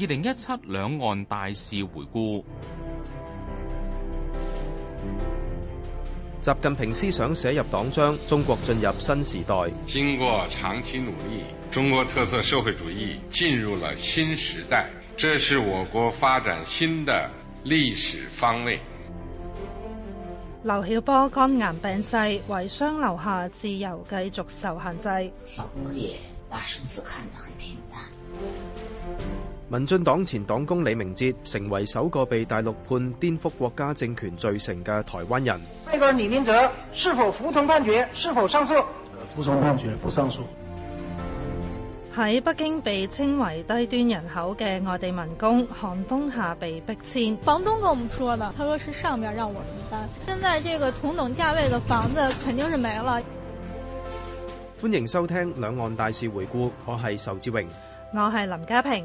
二零一七兩岸大事回顧。習近平思想寫入黨章，中國進入新時代。經過長期努力，中國特色社會主義進入了新時代，這是我國發展新的歷史方位。劉曉波肝癌病逝，遺孀劉霞自由，繼續受限制。民進黨前黨工李明哲成為首個被大陸判顛覆國家政權罪成嘅台灣人。呢個李明哲是否服從判決？是否上訴？服從判決，不上訴。喺北京被稱為低端人口嘅外地民工，寒冬下被逼遷。房東跟我們說的，他說是上面讓我們搬。現在這個同等價位的房子肯定是沒了。歡迎收聽兩岸大事回顧，我係仇志榮，我係林家平。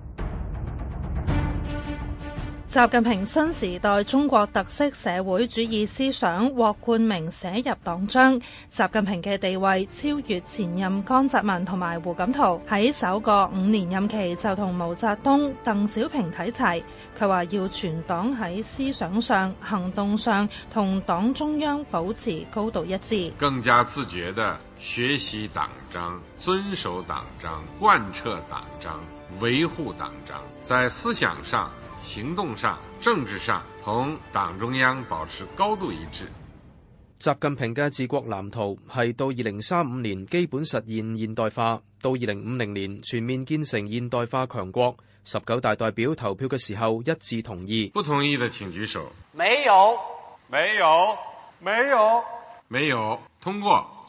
習近平新時代中國特色社會主義思想獲冠名寫入黨章，習近平嘅地位超越前任江澤民同埋胡錦濤，喺首個五年任期就同毛澤東、鄧小平睇齊。佢話要全黨喺思想上、行動上同黨中央保持高度一致，更加自覺地學習黨章、遵守黨章、貫徹黨章。維護黨章，在思想上、行動上、政治上同黨中央保持高度一致。習近平嘅治國藍圖係到二零三五年基本實現現代化，到二零五零年全面建成現代化強國。十九大代表投票嘅時候，一致同意，不同意嘅請舉手。沒有，沒有，沒有，沒有，通過。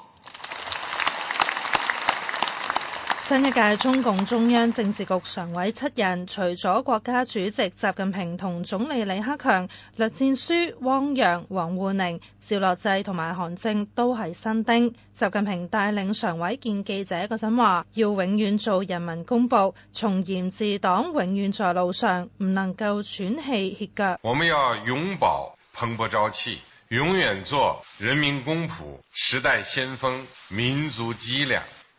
新一屆中共中央政治局常委七人，除咗國家主席習近平同總理李克強、栗戰書、汪洋、王滬寧、趙樂際同埋韓正都係新丁。習近平帶領常委見記者嗰陣話：要永遠做人民公僕，從嚴治黨永遠在路上，唔能夠喘氣歇腳。我們要永葆蓬勃朝氣，永遠做人民公僕、時代先鋒、民族脊梁。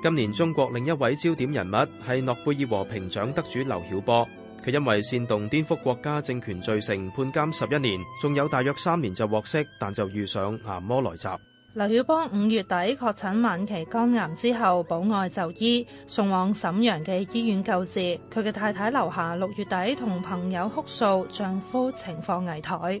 今年中國另一位焦點人物係諾貝爾和平獎得主劉曉波，佢因為煽動顛覆國家政權罪成判監十一年，仲有大約三年就獲釋，但就遇上癌魔來襲。劉曉波五月底確診晚期肝癌之後，保外就醫送往沈陽嘅醫院救治。佢嘅太太劉霞六月底同朋友哭訴丈夫情況危殆。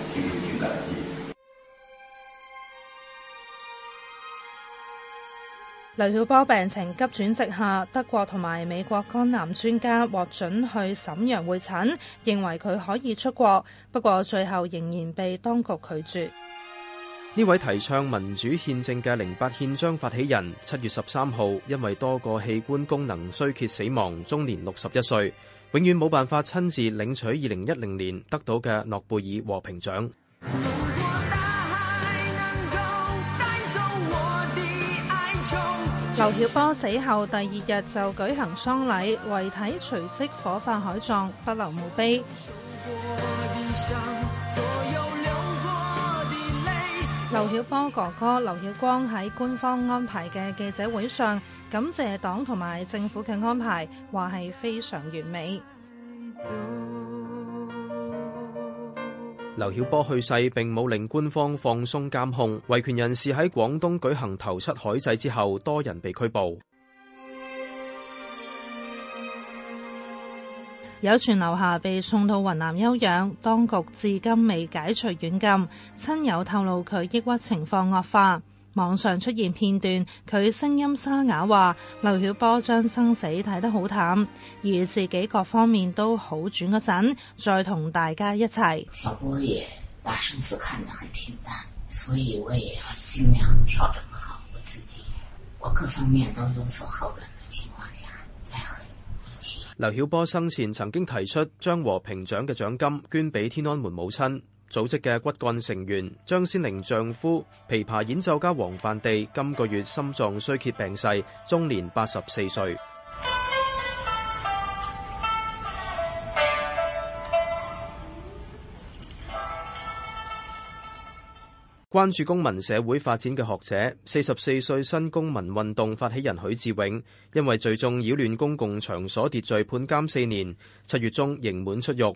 劉曉波病情急轉直下，德國同埋美國肝癌專家獲准去瀋陽會診，認為佢可以出國，不過最後仍然被當局拒絕。呢位提倡民主憲政嘅零八憲章發起人，七月十三號因為多個器官功能衰竭死亡，終年六十一歲，永遠冇辦法親自領取二零一零年得到嘅諾貝爾和平獎。劉曉波死後第二日就舉行喪禮，遺體隨即火化海葬，不留墓碑。劉曉波哥哥劉曉光喺官方安排嘅記者會上，感謝黨同埋政府嘅安排，話係非常完美。劉曉波去世，並冇令官方放鬆監控。維權人士喺廣東舉行投出海祭之後，多人被拘捕。有傳劉霞被送到雲南休養，當局至今未解除軟禁。親友透露佢抑鬱情況惡化。網上出現片段，佢聲音沙啞話：劉曉波將生死睇得好淡，而自己各方面都好轉嗰陣，再同大家一齊。劉曉波也把生死看得很平淡，所以我也要盡量調整好我自己，我各方面都有所好轉的情況下，再和你一起。劉曉波生前曾經提出將和平獎嘅獎金捐俾天安門母親。組織嘅骨幹成員張先玲丈夫，琵琶演奏家王範地今個月心臟衰竭病逝，終年八十四歲。關注公民社會發展嘅學者，四十四歲新公民運動發起人許志永，因為聚眾擾亂公共場所秩序判監四年，七月中刑滿出獄。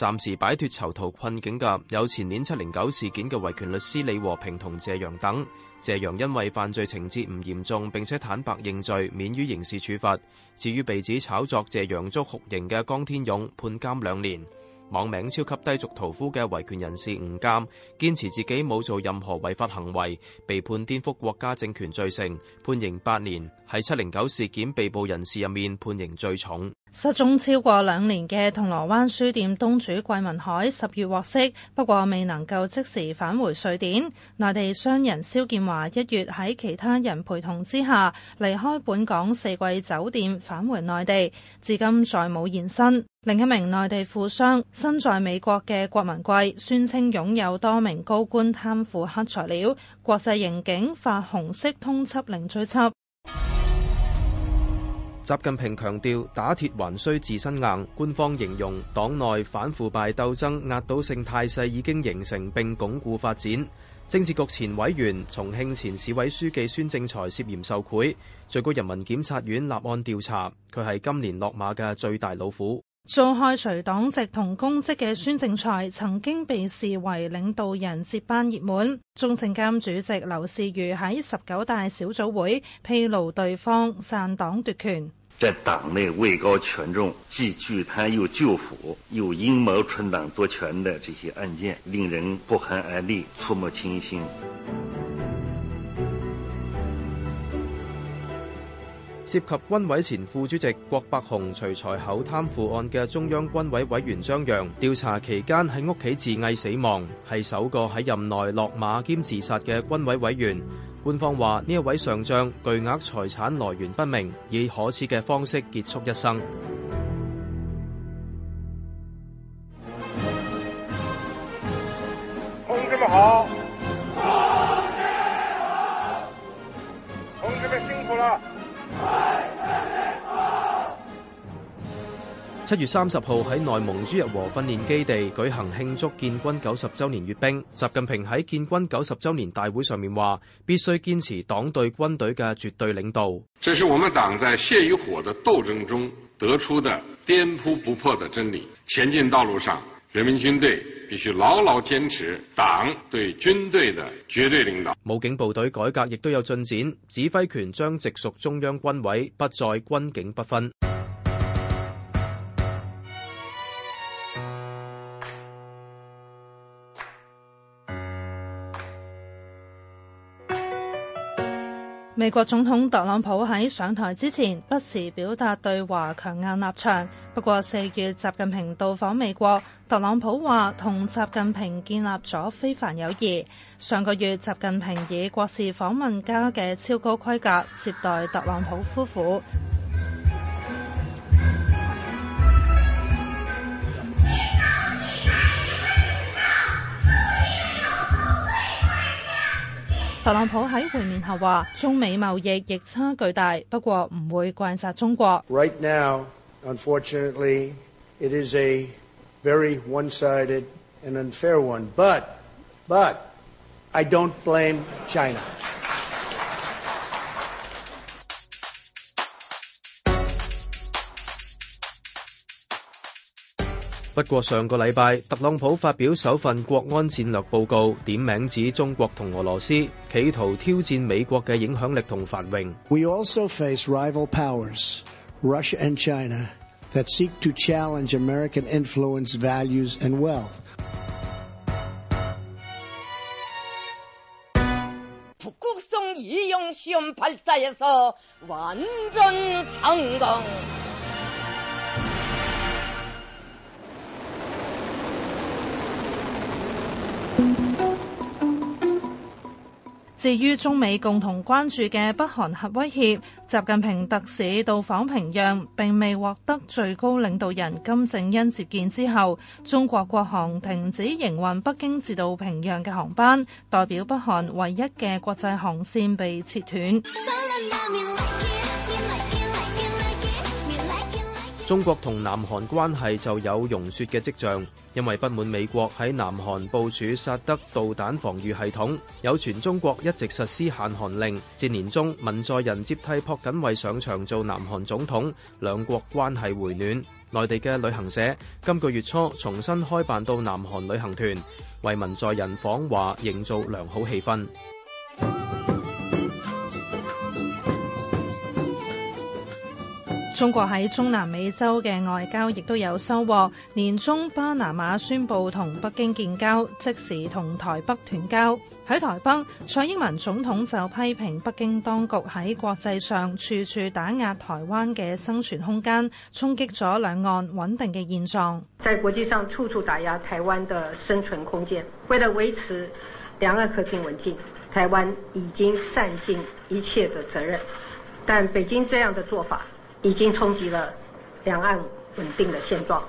暫時擺脫囚徒困境嘅有前年七零九事件嘅維權律師李和平同謝陽等。謝陽因為犯罪情節唔嚴重並且坦白認罪，免於刑事處罰。至於被指炒作謝陽捉酷刑嘅江天勇，判監兩年。網名“超級低俗屠夫”的維權人士吳淦，堅持自己冇做任何違法行為，被判顛覆國家政權罪成，判刑八年，喺七零九事件被捕人士入面判刑最重。失蹤超過兩年嘅銅鑼灣書店東主桂民海十月獲釋，不過未能夠即時返回瑞典。內地商人肖建華一月喺其他人陪同之下離開本港四季酒店返回內地，至今再冇現身。另一名內地富商身在美國嘅郭文貴，宣稱擁有多名高官貪腐黑材料，國際刑警發紅色通緝令追緝。習近平強調，打鐵還需自身硬。官方形容黨內反腐敗鬥爭壓倒性態勢已經形成並鞏固發展。政治局前委員、重慶前市委書記孫政才涉嫌受賄，最高人民檢察院立案調查，佢係今年落馬嘅最大老虎。做開除黨籍同公職嘅孫政才，曾經被視為領導人接班熱門。中證監主席劉士余喺十九大小組會披露對方篡黨奪權。在黨內位高權重，既巨貪又巨腐，又陰謀篡黨奪權的這些案件，令人不寒而栗，觸目驚心。涉及軍委前副主席郭伯雄、徐才厚貪腐案嘅中央軍委委員張陽調查期間喺屋企自縊死亡，係首個喺任內落馬兼自殺嘅軍委委員。官方話呢一位上將巨額財產來源不明，以可恥嘅方式結束一生。七月三十號喺內蒙古朱日和訓練基地舉行慶祝建軍九十周年閱兵。習近平喺建軍九十周年大會上面話：必須堅持黨對軍隊嘅絕對領導。這是我們黨在血與火的鬥爭中得出的顛撲不破的真理。前進道路上，人民軍隊必須牢牢堅持黨對軍隊的絕對領導。武警部隊改革亦都有進展，指揮權將直屬中央軍委，不再軍警不分。美國總統特朗普喺上台之前不時表達對華強硬立場。不過四月習近平到訪美國，特朗普話同習近平建立咗非凡友誼。上個月習近平以國事訪問加嘅超高規格接待特朗普夫婦。特朗普喺會面後話：中美貿易逆差巨大，不過唔會怪責中國。Right now, unfortunately, it is a very one-sided and unfair one. But, but, I don't blame China. 不過上個禮拜，特朗普發表首份國安戰略報告，點名指中國同俄羅斯企圖挑戰美國嘅影響力同繁榮。We also face rival powers, Russia and China, that seek to challenge American influence values and wealth. 至於中美共同關注嘅北韓核威脅，習近平特使到訪平壤並未獲得最高領導人金正恩接見之後，中國國航停止營運北京至到平壤嘅航班，代表北韓唯一嘅國際航線被切斷。中國同南韓關係就有融雪嘅跡象，因為不滿美國喺南韓部署薩德導彈防禦系統，有傳中國一直實施限韓令。至年中，文在寅接替朴槿惠上場做南韓總統，兩國關係回暖。內地嘅旅行社今個月初重新開辦到南韓旅行團，為文在寅訪華營造良好氣氛。中國喺中南美洲嘅外交亦都有收穫，年中巴拿馬宣布同北京建交，即時同台北斷交。喺台北，蔡英文總統就批評北京當局喺國際上處處打壓台灣嘅生存空間，衝擊咗兩岸穩定嘅現狀。在國際上處處打壓台灣的生存空間，為了維持兩岸和平穩定，台灣已經善盡一切的責任，但北京這樣的做法。已經衝擊了兩岸穩定的現狀。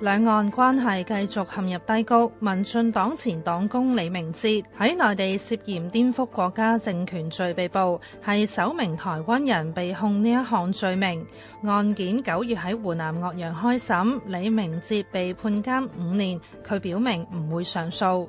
兩岸關係繼續陷入低谷。民進黨前黨工李明哲喺內地涉嫌顛覆國家政權罪被捕，係首名台灣人被控呢一項罪名。案件九月喺湖南岳陽開審，李明哲被判監五年，佢表明唔會上訴。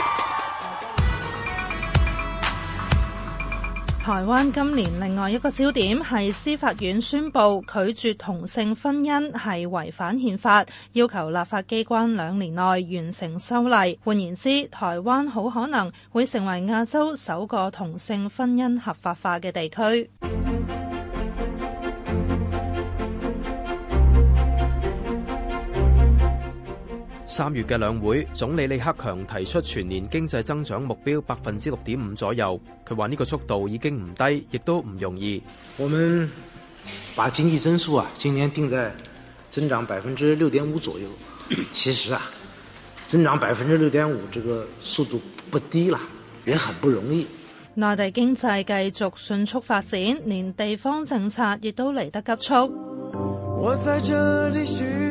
台灣今年另外一個焦點係司法院宣布拒絕同性婚姻係違反憲法，要求立法機關兩年內完成修例。換言之，台灣好可能會成為亞洲首個同性婚姻合法化嘅地區。三月嘅兩會，總理李克強提出全年經濟增長目標百分之六點五左右。佢話呢個速度已經唔低，亦都唔容易。我們把經濟增速啊，今年定在增長百分之六點五左右。其實啊，增長百分之六點五，這個速度不低啦，也很不容易。內地經濟繼續迅速發展，連地方政策亦都嚟得急速。我在這裏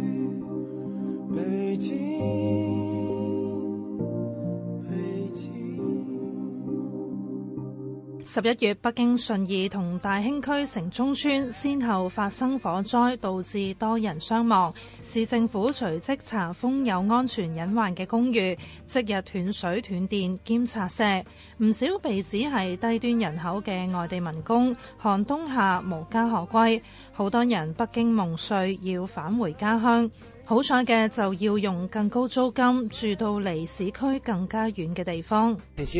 十一月，北京順義同大興區城中村先後發生火災，導致多人傷亡。市政府隨即查封有安全隱患嘅公寓，即日斷水斷電兼拆卸。唔少被指係低端人口嘅外地民工，寒冬下無家可歸，好多人北京夢碎，要返回家鄉。好彩嘅就要用更高租金住到離市區更加遠嘅地方。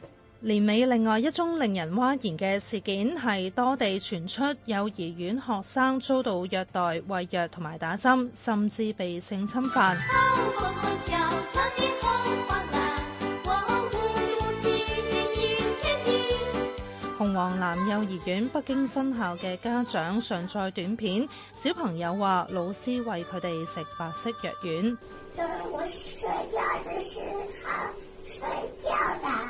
年尾另外一宗令人嘩然嘅事件，係多地傳出幼兒園學生遭到虐待、餵藥同埋打針，甚至被性侵犯。 紅黃藍幼兒園北京分校嘅家長上載短片，小朋友話老師餵佢哋食白色藥丸。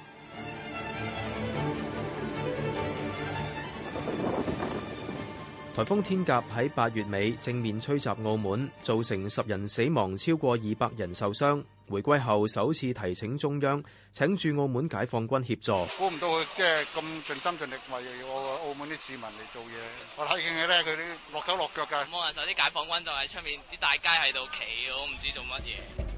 颱風天鴿喺八月尾正面吹襲澳門，造成十人死亡，超過二百人受傷。回歸後首次提請中央，請駐澳門解放軍協助。估唔到佢即係咁盡心盡力為澳澳門啲市民嚟做嘢，我睇見佢咧，佢啲落手落腳嘅。冇人，有啲解放軍就喺出面啲大街喺度企，我唔知做乜嘢。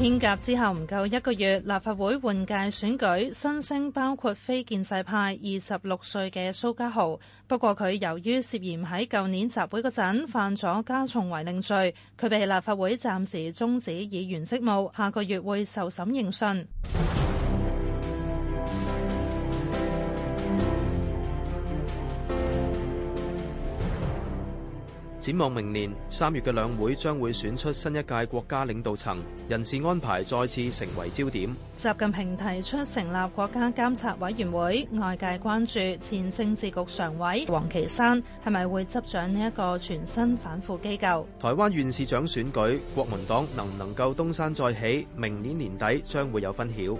天鴿之後唔夠一個月，立法會換屆選舉新星，包括非建制派二十六歲嘅蘇嘉豪。不過佢由於涉嫌喺舊年集會嗰陣犯咗加重違令罪，佢被立法會暫時終止議員職務，下個月會受審應訊。展望明年三月嘅兩會，將會選出新一屆國家領導層，人事安排再次成為焦點。習近平提出成立國家監察委員會，外界關注前政治局常委王岐山係咪會執掌呢一個全新反腐機構。台灣縣市長選舉，國民黨能唔能夠東山再起？明年年底將會有分曉。